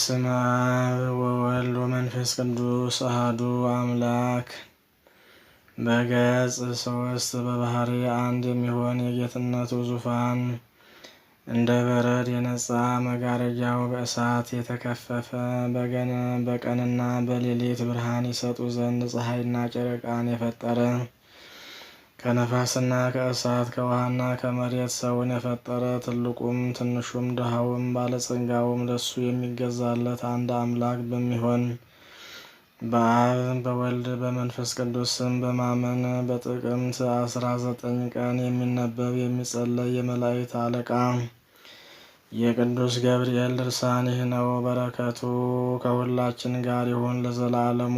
በስመ አብ ወወልድ ወመንፈስ ቅዱስ አህዱ አምላክ። በገጽ ሶስት በባህሪ አንድ የሚሆን የጌትነቱ ዙፋን እንደ በረድ የነጻ መጋረጃው በእሳት የተከፈፈ በቀንና በሌሊት ብርሃን ይሰጡ ዘንድ ፀሐይና ጨረቃን የፈጠረ ከነፋስና ከእሳት ከውሃና ከመሬት ሰውን የፈጠረ ትልቁም ትንሹም ድሃውም ባለጸጋውም ለሱ የሚገዛለት አንድ አምላክ በሚሆን በአብ በወልድ በመንፈስ ቅዱስም በማመን በጥቅምት አስራ ዘጠኝ ቀን የሚነበብ የሚጸለይ የመላእክት አለቃ የቅዱስ ገብርኤል ድርሳን ይህ ነው። በረከቱ ከሁላችን ጋር ይሁን ለዘላለሙ።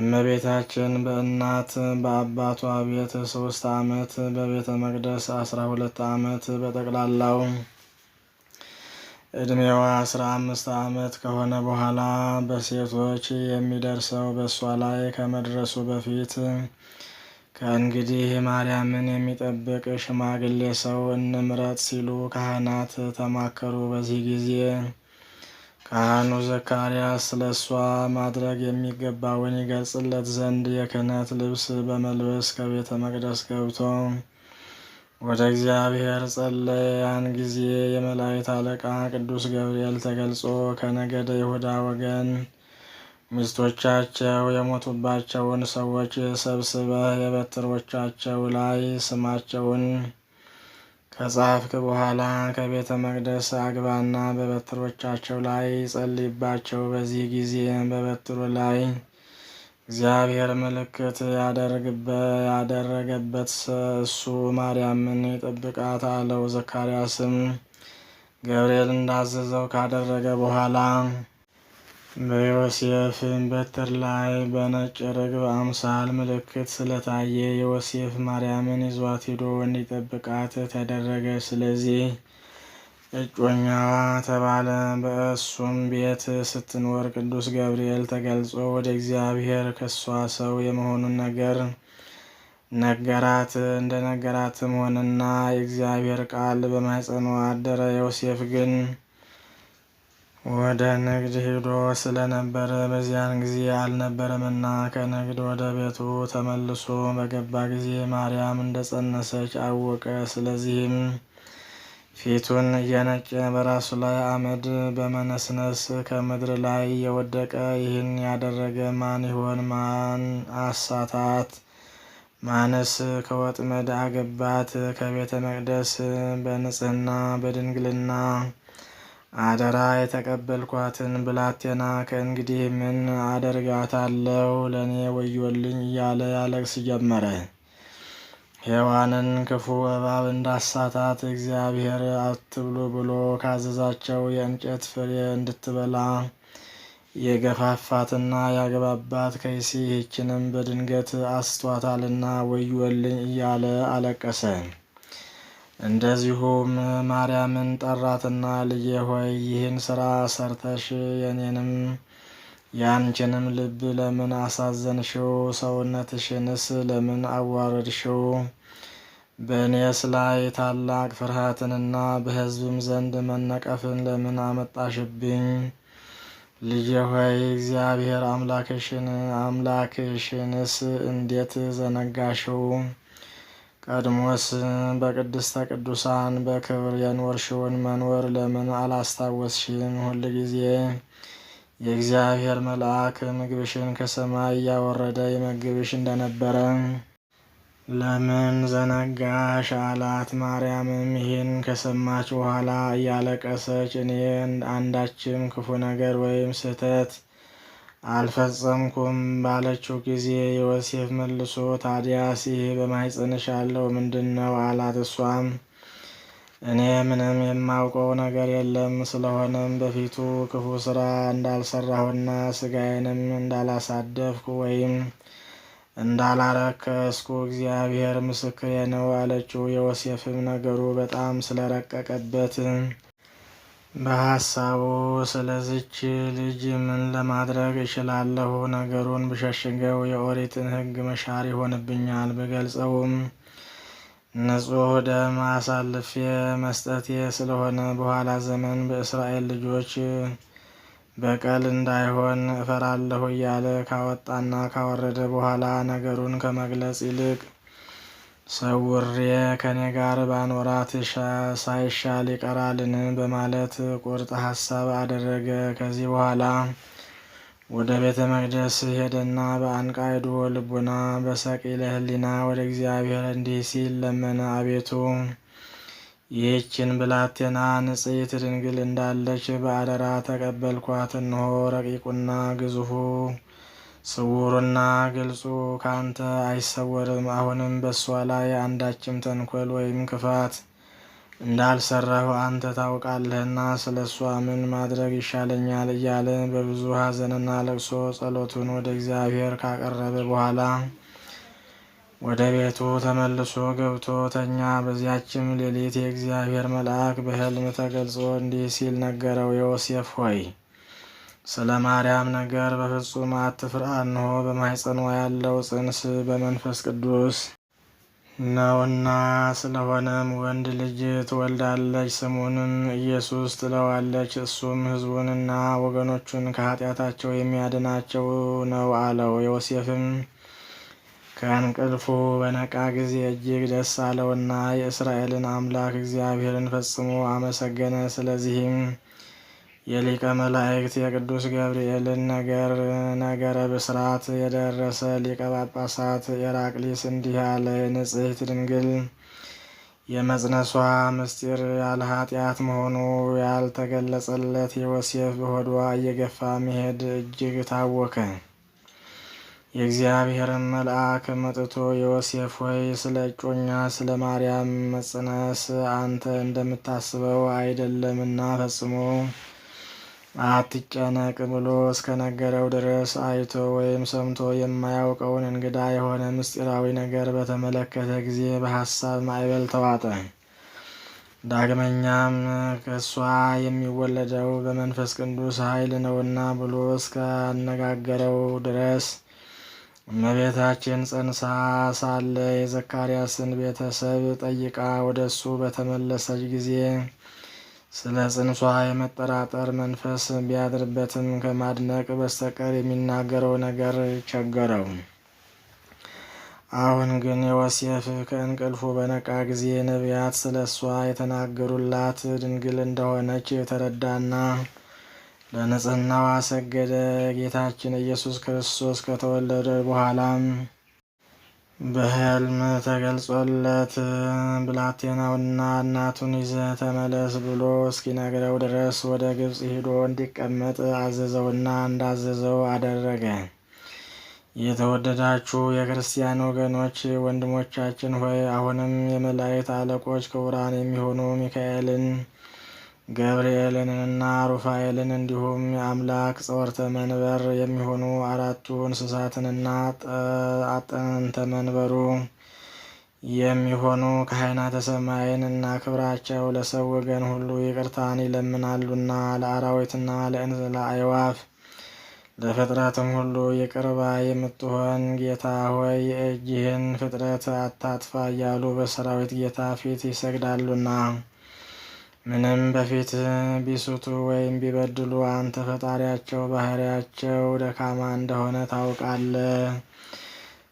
እመቤታችን በእናት በአባቷ ቤት ሶስት ዓመት በቤተ መቅደስ አስራ ሁለት ዓመት በጠቅላላው እድሜዋ አስራ አምስት ዓመት ከሆነ በኋላ በሴቶች የሚደርሰው በእሷ ላይ ከመድረሱ በፊት ከእንግዲህ ማርያምን የሚጠብቅ ሽማግሌ ሰው እንምረጥ ሲሉ ካህናት ተማከሩ። በዚህ ጊዜ ካህኑ ዘካርያስ ስለ እሷ ማድረግ የሚገባውን ይገልጽለት ዘንድ የክህነት ልብስ በመልበስ ከቤተ መቅደስ ገብቶ ወደ እግዚአብሔር ጸለየ። ያን ጊዜ የመላእክት አለቃ ቅዱስ ገብርኤል ተገልጾ ከነገደ ይሁዳ ወገን ሚስቶቻቸው የሞቱባቸውን ሰዎች ሰብስበህ የበትሮቻቸው ላይ ስማቸውን ከጻፍክ በኋላ ከቤተ መቅደስ አግባና በበትሮቻቸው ላይ ጸልይባቸው። በዚህ ጊዜ በበትሩ ላይ እግዚአብሔር ምልክት ያደረገበት እሱ ማርያምን ይጠብቃት አለው። ዘካርያስም ገብርኤል እንዳዘዘው ካደረገ በኋላ በዮሴፍም በትር ላይ በነጭ ርግብ አምሳል ምልክት ስለታየ ዮሴፍ ማርያምን ይዟት ሂዶ እንዲጠብቃት ተደረገ። ስለዚህ እጮኛዋ ተባለ። በእሱም ቤት ስትኖር ቅዱስ ገብርኤል ተገልጾ ወደ እግዚአብሔር ከሷ ሰው የመሆኑን ነገር ነገራት። እንደ ነገራትም ሆነና የእግዚአብሔር ቃል በማኅፀኗ አደረ። ዮሴፍ ግን ወደ ንግድ ሂዶ ስለነበረ በዚያን ጊዜ አልነበረምና ከንግድ ወደ ቤቱ ተመልሶ በገባ ጊዜ ማርያም እንደጸነሰች አወቀ። ስለዚህም ፊቱን እየነጨ በራሱ ላይ አመድ በመነስነስ ከምድር ላይ የወደቀ ይህን ያደረገ ማን ይሆን? ማን አሳታት? ማንስ ከወጥመድ አገባት? ከቤተ መቅደስ በንጽህና በድንግልና አደራ የተቀበልኳትን ብላቴና ከእንግዲህ ምን አደርጋታለሁ ለእኔ ወዮልኝ እያለ ያለቅስ ጀመረ። ሔዋንን ክፉ እባብ እንዳሳታት እግዚአብሔር አትብሉ ብሎ ካዘዛቸው የእንጨት ፍሬ እንድትበላ የገፋፋትና ያገባባት ከይሲ ይህችንም በድንገት አስቷታልና ወዮልኝ እያለ አለቀሰ። እንደዚሁም ማርያምን ጠራትና ልጄ ሆይ ይህን ሥራ ሰርተሽ የኔንም ያንቺንም ልብ ለምን አሳዘንሽው? ሰውነትሽንስ ለምን አዋረድሽው? በእኔስ ላይ ታላቅ ፍርሃትንና በሕዝብም ዘንድ መነቀፍን ለምን አመጣሽብኝ? ልጄ ሆይ እግዚአብሔር አምላክሽን አምላክሽንስ እንዴት ዘነጋሽው? ቀድሞስ በቅድስተ ቅዱሳን በክብር የኖርሽውን መኖር ለምን አላስታወስሽም? ሁል ጊዜ የእግዚአብሔር መልአክ ምግብሽን ከሰማይ እያወረደ ይመግብሽ እንደነበረ ለምን ዘነጋሽ አላት። ማርያምም ይህን ከሰማች በኋላ እያለቀሰች እኔ አንዳችም ክፉ ነገር ወይም ስህተት አልፈጸምኩም ባለችው ጊዜ ዮሴፍ መልሶ ታዲያ ሲህ በማኅፀንሽ ያለው ምንድን ነው አላት። እሷም እኔ ምንም የማውቀው ነገር የለም፣ ስለሆነም በፊቱ ክፉ ስራ እንዳልሰራሁና ስጋዬንም እንዳላሳደፍኩ ወይም እንዳላረከስኩ እግዚአብሔር ምስክሬ ነው አለችው። ዮሴፍም ነገሩ በጣም ስለረቀቀበት በሀሳቡ ስለዚች ልጅ ምን ለማድረግ እችላለሁ? ነገሩን ብሸሽገው የኦሪትን ሕግ መሻር ይሆንብኛል። ብገልጸውም ንጹሕ ደም አሳልፌ መስጠቴ ስለሆነ በኋላ ዘመን በእስራኤል ልጆች በቀል እንዳይሆን እፈራለሁ እያለ ካወጣና ካወረደ በኋላ ነገሩን ከመግለጽ ይልቅ ሰውሬ ከኔ ጋር ባኖራት ሳይሻል ይቀራልን? በማለት ቁርጥ ሀሳብ አደረገ። ከዚህ በኋላ ወደ ቤተ መቅደስ ሄደና በአንቃይዱ ልቡና በሰቂለ ሕሊና ወደ እግዚአብሔር እንዲህ ሲል ለመነ። አቤቱ ይህችን ብላቴና ንጽሕት ድንግል እንዳለች በአደራ ተቀበልኳት። እንሆ ረቂቁና ግዙፉ ስውሩና ግልጹ ከአንተ አይሰወርም። አሁንም በእሷ ላይ አንዳችም ተንኮል ወይም ክፋት እንዳልሰራሁ አንተ ታውቃለህና ስለ እሷ ምን ማድረግ ይሻለኛል? እያለ በብዙ ሐዘንና ለቅሶ ጸሎቱን ወደ እግዚአብሔር ካቀረበ በኋላ ወደ ቤቱ ተመልሶ ገብቶ ተኛ። በዚያችም ሌሊት የእግዚአብሔር መልአክ በሕልም ተገልጾ እንዲህ ሲል ነገረው፣ ዮሴፍ ሆይ ስለ ማርያም ነገር በፍጹም አትፍራ፣ እንሆ በማኅፀኗ ያለው ጽንስ በመንፈስ ቅዱስ ነውና፣ ስለሆነም ወንድ ልጅ ትወልዳለች፣ ስሙንም ኢየሱስ ትለዋለች። እሱም ሕዝቡንና ወገኖቹን ከኃጢአታቸው የሚያድናቸው ነው አለው። ዮሴፍም ከእንቅልፉ በነቃ ጊዜ እጅግ ደስ አለውና የእስራኤልን አምላክ እግዚአብሔርን ፈጽሞ አመሰገነ። ስለዚህም የሊቀ መላእክት የቅዱስ ገብርኤልን ነገረ ብስራት የደረሰ ሊቀ ጳጳሳት ኤራቅሊስ እንዲህ ያለ ንጽሕት ድንግል የመጽነሷ ምስጢር ያለ ኃጢአት መሆኑ ያልተገለጸለት የወሴፍ በሆዷ እየገፋ መሄድ እጅግ ታወከ። የእግዚአብሔርን መልአክ መጥቶ የወሴፍ ሆይ ስለ እጮኛ ስለ ማርያም መጽነስ አንተ እንደምታስበው አይደለምና ፈጽሞ አትጨነቅ ብሎ እስከነገረው ድረስ አይቶ ወይም ሰምቶ የማያውቀውን እንግዳ የሆነ ምስጢራዊ ነገር በተመለከተ ጊዜ በሀሳብ ማዕበል ተዋጠ። ዳግመኛም ከእሷ የሚወለደው በመንፈስ ቅዱስ ኃይል ነውና ብሎ እስካነጋገረው ድረስ እመቤታችን ጸንሳ ሳለ የዘካርያስን ቤተሰብ ጠይቃ ወደ እሱ በተመለሰች ጊዜ ስለ ጽንሷ የመጠራጠር መንፈስ ቢያድርበትም ከማድነቅ በስተቀር የሚናገረው ነገር ቸገረው። አሁን ግን ዮሴፍ ከእንቅልፉ በነቃ ጊዜ ነቢያት ስለ እሷ የተናገሩላት ድንግል እንደሆነች የተረዳና ለንጽህናዋ ሰገደ። ጌታችን ኢየሱስ ክርስቶስ ከተወለደ በኋላም በሕልም ተገልጾለት ብላቴናውና እናቱን ይዘህ ተመለስ ብሎ እስኪነግረው ድረስ ወደ ግብፅ ሄዶ እንዲቀመጥ አዘዘውና እንዳዘዘው አደረገ። የተወደዳችሁ የክርስቲያን ወገኖች ወንድሞቻችን ሆይ አሁንም የመላእክት አለቆች ክቡራን የሚሆኑ ሚካኤልን ገብርኤልንና ሩፋኤልን እንዲሁም የአምላክ ጸወርተ መንበር የሚሆኑ አራቱ እንስሳትንና አጠንተ መንበሩ የሚሆኑ ካህናተ ሰማይን እና ክብራቸው ለሰው ወገን ሁሉ ይቅርታን ይለምናሉና ለአራዊትና ለአእዋፍ ለፍጥረትም ሁሉ ይቅርባ የምትሆን ጌታ ሆይ እጅህን ፍጥረት አታጥፋ እያሉ በሰራዊት ጌታ ፊት ይሰግዳሉና ምንም በፊት ቢስቱ ወይም ቢበድሉ አንተ ፈጣሪያቸው ባህሪያቸው ደካማ እንደሆነ ታውቃለህ።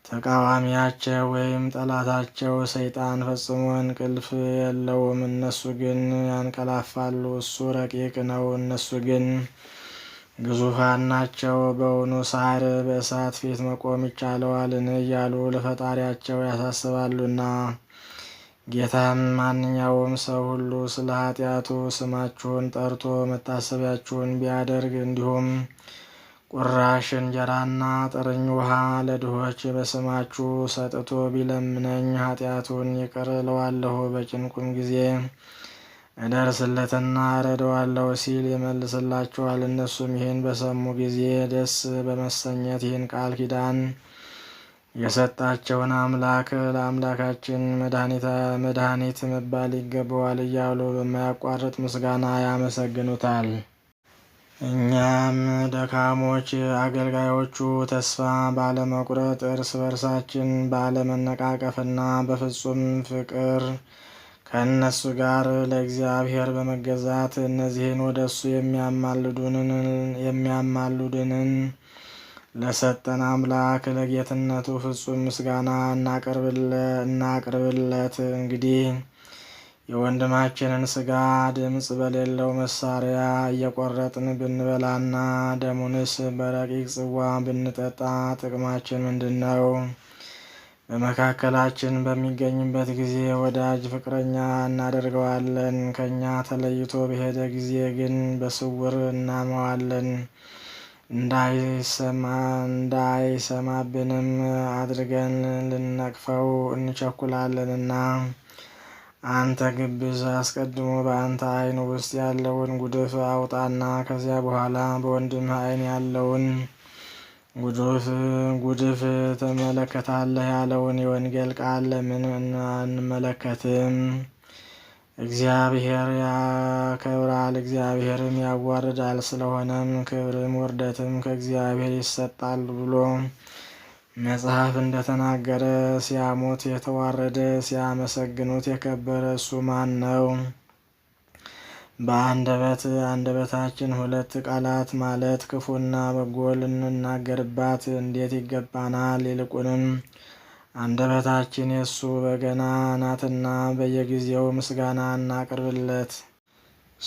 ተቃዋሚያቸው ወይም ጠላታቸው ሰይጣን ፈጽሞ እንቅልፍ የለውም። እነሱ ግን ያንቀላፋሉ። እሱ ረቂቅ ነው፣ እነሱ ግን ግዙፋን ናቸው። በውኑ ሳር በእሳት ፊት መቆም ይቻለዋልን? እያሉ ለፈጣሪያቸው ያሳስባሉና ጌታም ማንኛውም ሰው ሁሉ ስለ ኃጢአቱ ስማችሁን ጠርቶ መታሰቢያችሁን ቢያደርግ እንዲሁም ቁራሽ እንጀራና ጥርኝ ውሃ ለድሆች በስማችሁ ሰጥቶ ቢለምነኝ ኃጢአቱን ይቅር እለዋለሁ፣ በጭንቁም ጊዜ እደርስለትና እረዳዋለሁ ሲል ይመልስላችኋል። እነሱም ይህን በሰሙ ጊዜ ደስ በመሰኘት ይህን ቃል ኪዳን የሰጣቸውን አምላክ ለአምላካችን መድኃኒት መባል ይገባዋል እያሉ በማያቋርጥ ምስጋና ያመሰግኑታል። እኛም ደካሞች አገልጋዮቹ ተስፋ ባለመቁረጥ እርስ በርሳችን ባለመነቃቀፍና በፍጹም ፍቅር ከእነሱ ጋር ለእግዚአብሔር በመገዛት እነዚህን ወደ እሱ የሚያማልዱንን ለሰጠን አምላክ ለጌትነቱ ፍጹም ምስጋና እናቅርብለት። እንግዲህ የወንድማችንን ስጋ ድምፅ በሌለው መሳሪያ እየቆረጥን ብንበላና ደሙንስ በረቂቅ ጽዋ ብንጠጣ ጥቅማችን ምንድን ነው? በመካከላችን በሚገኝበት ጊዜ ወዳጅ ፍቅረኛ እናደርገዋለን። ከእኛ ተለይቶ በሄደ ጊዜ ግን በስውር እናመዋለን። እንዳይሰማ እንዳይሰማብንም አድርገን እንቸኩላለን እንቸኩላለንና አንተ ግብዝ፣ አስቀድሞ በአንተ ዓይን ውስጥ ያለውን ጉድፍ አውጣና ከዚያ በኋላ በወንድም ዓይን ያለውን ጉድፍ ጉድፍ ትመለከታለህ ያለውን የወንጌል ቃል ለምን አንመለከትም? እግዚአብሔር ያከበ ይሰጣል። እግዚአብሔርን ያዋርዳል። ስለሆነም ክብርም ውርደትም ከእግዚአብሔር ይሰጣል ብሎ መጽሐፍ እንደተናገረ ሲያሞት የተዋረደ ሲያመሰግኑት የከበረ እሱ ማን ነው? በአንደበት አንደበታችን ሁለት ቃላት ማለት ክፉና በጎ ልንናገርባት እንዴት ይገባናል? ይልቁንም አንደበታችን የእሱ በገና ናትና በየጊዜው ምስጋና እናቅርብለት።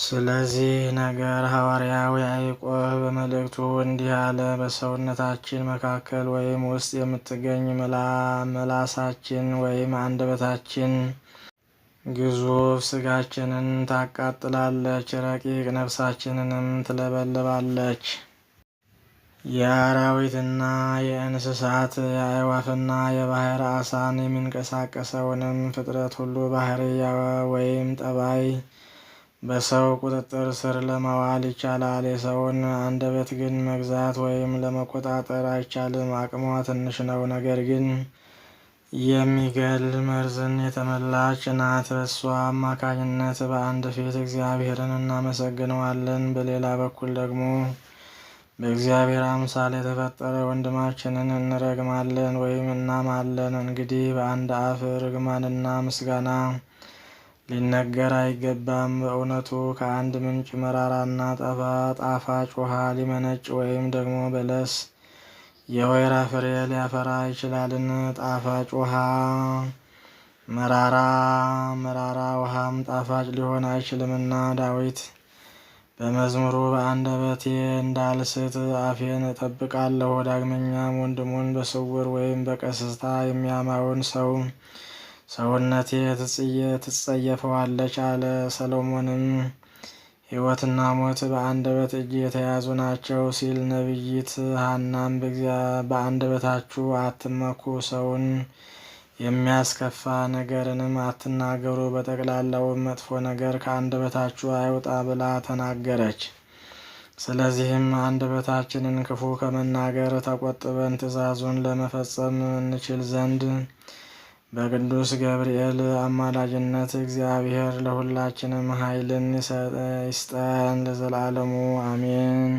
ስለዚህ ነገር ሐዋርያው ያዕቆብ በመልእክቱ እንዲህ አለ። በሰውነታችን መካከል ወይም ውስጥ የምትገኝ መላሳችን ወይም አንደበታችን ግዙፍ ስጋችንን ታቃጥላለች፣ ረቂቅ ነፍሳችንንም ትለበልባለች። የአራዊትና የእንስሳት የአእዋፍና የባህር አሳን የሚንቀሳቀሰውንም ፍጥረት ሁሉ ባህርይ ወይም ጠባይ በሰው ቁጥጥር ስር ለማዋል ይቻላል። የሰውን አንደበት ግን መግዛት ወይም ለመቆጣጠር አይቻልም። አቅሟ ትንሽ ነው፣ ነገር ግን የሚገል መርዝን የተመላች ናት። በእሷ አማካኝነት በአንድ ፊት እግዚአብሔርን እናመሰግነዋለን፣ በሌላ በኩል ደግሞ በእግዚአብሔር አምሳል የተፈጠረ ወንድማችንን እንረግማለን ወይም እናማለን። እንግዲህ በአንድ አፍ ርግማንና ምስጋና ሊነገር አይገባም። በእውነቱ ከአንድ ምንጭ መራራና ጠፋ ጣፋጭ ውሃ ሊመነጭ ወይም ደግሞ በለስ የወይራ ፍሬ ሊያፈራ ይችላልን? ጣፋጭ ውሃ መራራ መራራ ውሃም ጣፋጭ ሊሆን አይችልምና ዳዊት በመዝሙሩ በአንደበቴ እንዳልስት አፌን እጠብቃለሁ። ዳግመኛም ወንድሙን በስውር ወይም በቀስታ የሚያማውን ሰው ሰውነቴ ትጸየፈዋለች አለ። ሰሎሞንም ሕይወትና ሞት በአንደበት እጅ የተያዙ ናቸው ሲል ነቢይት ሐናም በአንደበታችሁ አትመኩ፣ ሰውን የሚያስከፋ ነገርንም አትናገሩ፣ በጠቅላላው መጥፎ ነገር ከአንደበታችሁ አይውጣ ብላ ተናገረች። ስለዚህም አንደበታችንን ክፉ ከመናገር ተቆጥበን ትእዛዙን ለመፈጸም እንችል ዘንድ በቅዱስ ገብርኤል አማላጅነት እግዚአብሔር ለሁላችንም ኃይልን ይስጠን ለዘላለሙ አሜን።